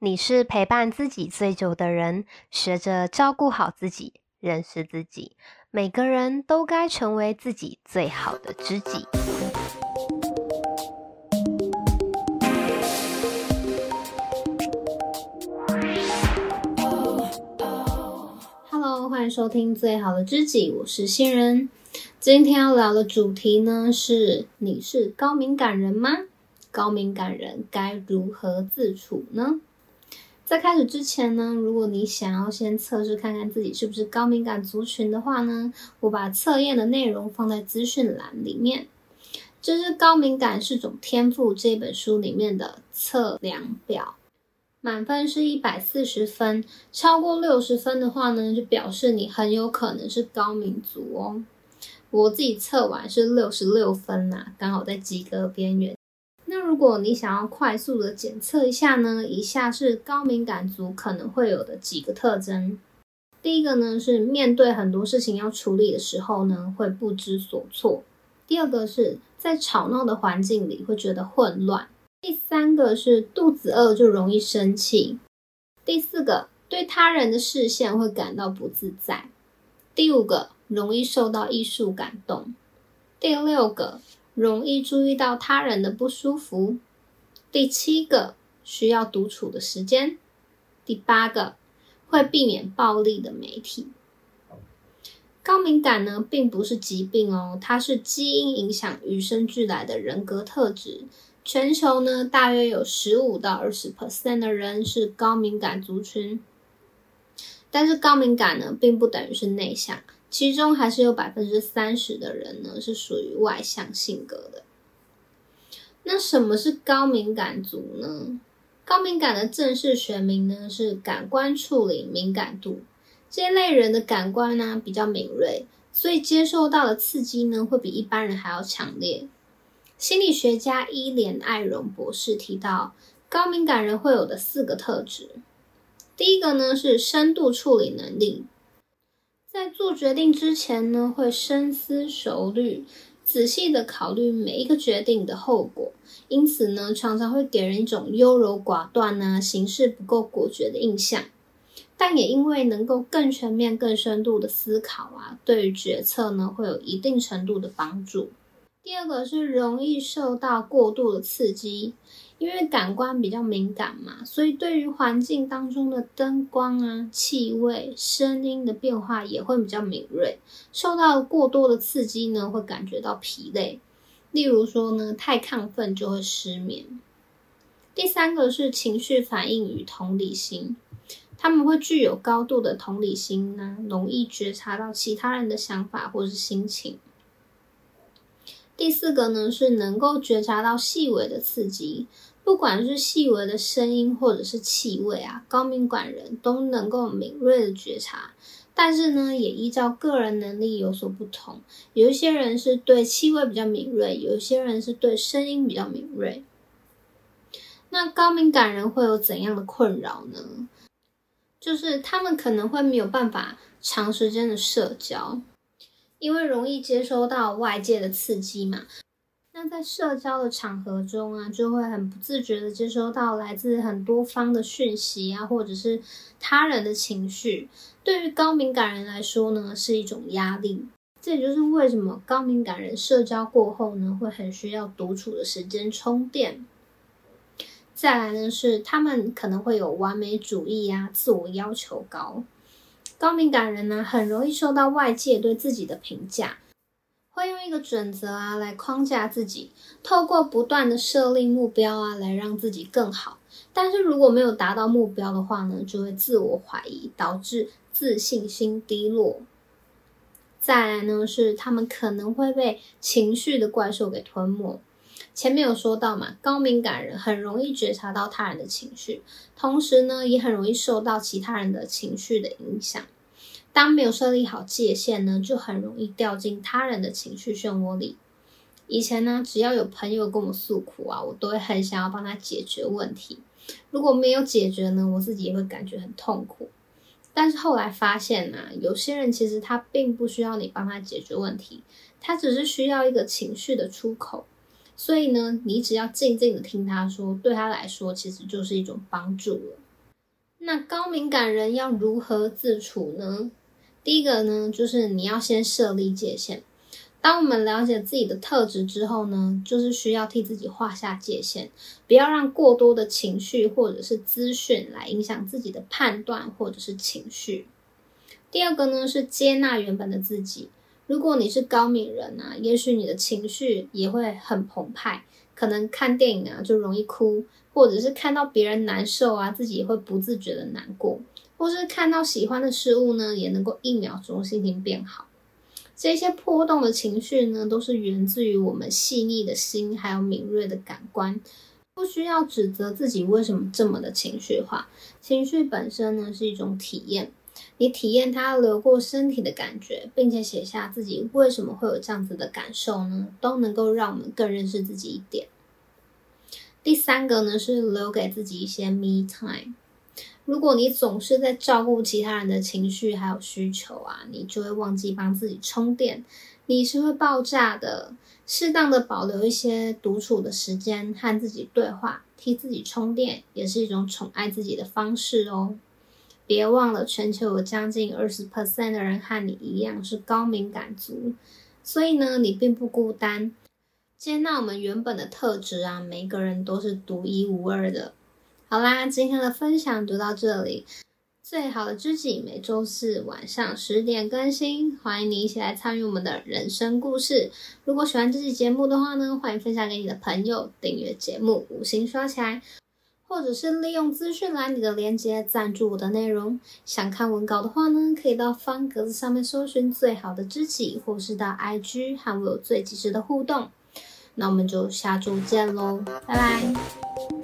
你是陪伴自己最久的人，學着照顧好自己，認識自己。每個人都該成為自己最好的知己。Hello，歡迎收聽《最好的知己》，我是新人。今天要聊的主題呢是：你是高敏感人嗎？高敏感人該如何自處呢？在開始之前呢，如果你想要先測試看看自己是不是高敏感族群的話呢，我把測驗的內容放在資訊欄裡面，這、就是《高敏感是種天賦》這本書裡面的測量表，滿分是一百四十分，超過六十分的話呢，就表示你很有可能是高敏族哦。我自己測完是六十六分吶、啊，剛好在及格邊緣。那如果你想要快速的檢測一下呢？以下是高敏感族可能會有的幾個特徵。第一個呢，是面對很多事情要處理的時候呢，會不知所措。第二個是在吵鬧的環境裡會覺得混亂。第三個是肚子餓就容易生氣。第四個，對他人的視線會感到不自在。第五個，容易受到藝術感動。第六個。容易注意到他人的不舒服。第七個，需要獨處的時間。第八個，會避免暴力的媒體。高敏感呢，並不是疾病哦，它是基因影響與生俱來的人格特質。全球呢，大約有十五到二十 percent 的人是高敏感族群。但是高敏感呢，並不等於是內向，其中還是有百分之三十的人呢是屬於外向性格的。那什麼是高敏感族呢？高敏感的正式學名呢是感官處理敏感度，這類人的感官呢比較敏銳，所以接受到的刺激呢會比一般人還要強烈。心理學家伊蓮·艾榮博士提到，高敏感人會有的四個特質。第一個呢是深度處理能力，在做決定之前呢會深思熟慮，仔細的考慮每一個決定的後果，因此呢常常會給人一種優柔寡斷呢、啊、行事不夠果決的印象，但也因為能夠更全面、更深度的思考啊，對於決策呢會有一定程度的幫助。第二個是容易受到過度的刺激，因為感官比較敏感嘛，所以對於環境當中的燈光啊、氣味、聲音的變化也會比較敏銳。受到過多的刺激呢，會感覺到疲累。例如說呢，太亢奮就會失眠。第三個是情緒反應與同理心，他們會具有高度的同理心呢，容易覺察到其他人的想法或是心情。第四個呢，是能夠覺察到細微的刺激，不管是細微的聲音或者是氣味啊，高敏感人都能夠敏銳的覺察。但是呢，也依照個人能力有所不同，有一些人是對氣味比較敏銳，有一些人是對聲音比較敏銳。那高敏感人會有怎樣的困擾呢？就是他們可能會沒有辦法長時間的社交。因為容易接收到外界的刺激嘛，那在社交的場合中啊，就會很不自覺的接收到來自很多方的訊息啊，或者是他人的情緒。對於高敏感人來說呢，是一種壓力。這也就是為什麼高敏感人社交過後呢，會很需要獨處的時間充電。再來呢，是他們可能會有完美主義啊，自我要求高。高敏感人呢，很容易受到外界對自己的評價，會用一個準則啊來框架自己，透過不斷的設立目標啊來讓自己更好。但是如果沒有達到目標的話呢，就會自我懷疑，導致自信心低落。再來呢，是他們可能會被情緒的怪獸給吞沒。前面有說到嘛，高敏感人很容易覺察到他人的情緒，同時呢，也很容易受到其他人的情緒的影響。當沒有設立好界限呢，就很容易掉進他人的情緒漩渦裡。以前呢，只要有朋友跟我訴苦啊，我都會很想要幫他解決問題。如果沒有解決呢，我自己也會感覺很痛苦。但是後來發現呢、啊，有些人其實他並不需要你幫他解決問題，他只是需要一個情緒的出口。所以呢，你只要靜靜的聽他說，對他來說其實就是一種幫助了。那高敏感人要如何自處呢？第一個呢，就是你要先設立界限。當我們了解自己的特質之後呢，就是需要替自己劃下界限，不要讓過多的情緒或者是資訊來影響自己的判斷或者是情緒。第二個呢，是接納原本的自己。如果你是高敏人啊，也許你的情緒也會很澎湃，可能看電影啊就容易哭，或者是看到別人難受啊，自己也會不自覺的難過，或是看到喜歡的事物呢，也能夠一秒鐘心情變好。這些波動的情緒呢，都是源自於我們細膩的心，還有敏銳的感官，不需要指責自己為什麼這麼的情緒化，情緒本身呢，是一種體驗。你體驗它流過身體的感覺，並且寫下自己為什麼會有這樣子的感受呢，都能夠讓我們更認識自己一點。第三個呢，是留給自己一些 me time。如果你總是在照顧其他人的情緒還有需求啊，你就會忘記幫自己充電，你是會爆炸的。適當的保留一些獨處的時間和自己對話，替自己充電，也是一種寵愛自己的方式哦。別忘了，全球有將近二十 percent 的人和你一樣是高敏感族，所以呢，你並不孤單。接納我們原本的特質啊，每個人都是獨一無二的。好啦，今天的分享就到這裡。最好的知己每周四晚上十點更新，歡迎你一起來參與我們的人生故事。如果喜歡這期節目的話呢，歡迎分享給你的朋友，訂閱節目，五星刷起來。或者是利用資訊欄裡的連結贊助我的內容。想看文稿的話呢，可以到方格子上面搜尋最好的知己，或是到 IG 和我有最及時的互動。那我們就下周見嘍，拜拜。